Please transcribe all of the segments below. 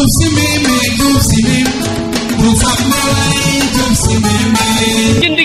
Jumsi meme, jumsi meme,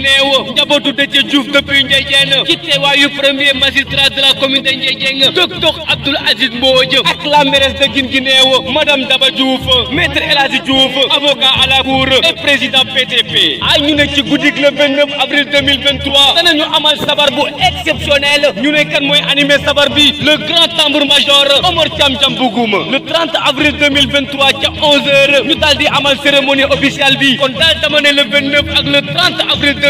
Guinée njabootu Déthié Diouf depuis Ndiédiène ci teewaayu premier magistrat de la commune de Ndiédiène docteur abdul Aziz Mbodj ak la mairesse de Guinguinéo madame Daba Diouf maître elhadji Hadji avocat à la cour et président PTP ay ñu ne ci guddik le 29 avril 2023 danañu amal sabar bu exceptionnel ñu ne kan moy animé sabar bi le grand tambour major Omar Thiam Diambouguma le 30 avril 2023 ca 11h ñu daldi amal cérémonie officielle bi kon dal dama ne le 29 ak le 30 avril